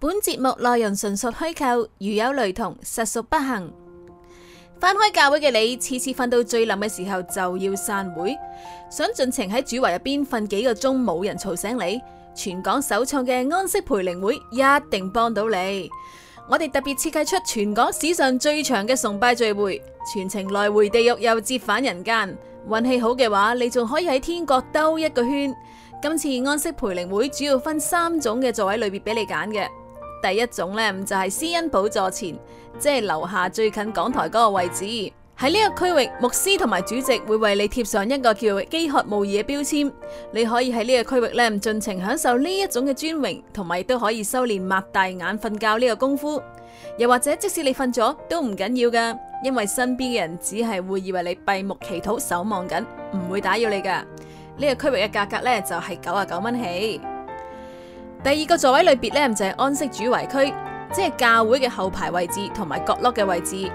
本節目內容純屬虛構，如有雷同，實屬不幸。返開教會嘅你，次次瞓到最冧嘅時候就要散會，想盡情喺主懷入邊瞓幾個鐘，冇人嘈醒你。全港首創嘅安息培靈會一定幫到你。我哋特別設計出全港史上最長嘅崇拜聚會，全程來回地獄又折返人間，運氣好嘅話，你仲可以喺天國兜一個圈。今次安息培靈會主要分三種嘅座位類別俾你揀嘅。第一種咧，就係施恩寶座前，即係樓下最近講台嗰個位置。喺呢個區域，牧師同埋主席會為你貼上一個叫飢渴慕義嘅標籤。你可以喺呢個區域咧盡情享受呢一種嘅尊榮，同埋都可以修煉擘大眼瞓覺呢個功夫。又或者，即使你瞓咗都唔緊要噶，因為身邊嘅人只係會以為你閉目祈禱守望緊，唔會打擾你噶。呢個區域嘅價格咧就係九啊九蚊起。第二個座位類別呢，就係、是、安息主懷區，即係教會嘅後排位置同埋角落嘅位置。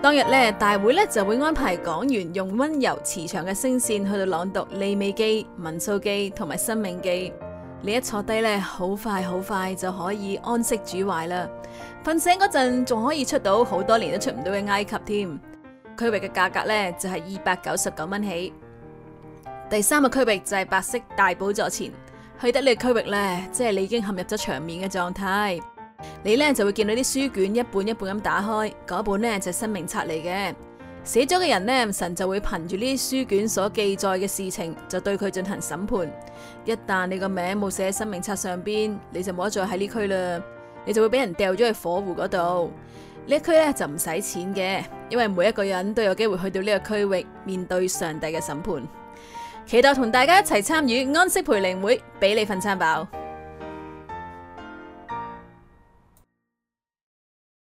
當日呢，大會呢就會安排講員用溫柔磁場、慈祥嘅聲線去到朗讀利未記、民數記同埋生命記。你一坐低呢，好快好快就可以安息主懷啦。瞓醒嗰陣，仲可以出到好多年都出唔到嘅埃及添。區域嘅價格呢，就係二百九十九蚊起。第三個區域就係白色大寶座前。去得呢個區域呢，即係你已經陷入咗場面嘅狀態，你呢就會見到啲書卷一本一本咁打開，嗰本呢就係生命冊嚟嘅。死咗嘅人呢，神就會憑住呢啲書卷所記載嘅事情，就對佢進行審判。一旦你個名冇寫喺生命冊上邊，你就冇得再喺呢區啦，你就會俾人掉咗去火湖嗰度。一區呢區咧就唔使錢嘅，因為每一個人都有機會去到呢個區域，面對上帝嘅審判。期待同大家一齊參與安息培靈會，俾你份餐飽。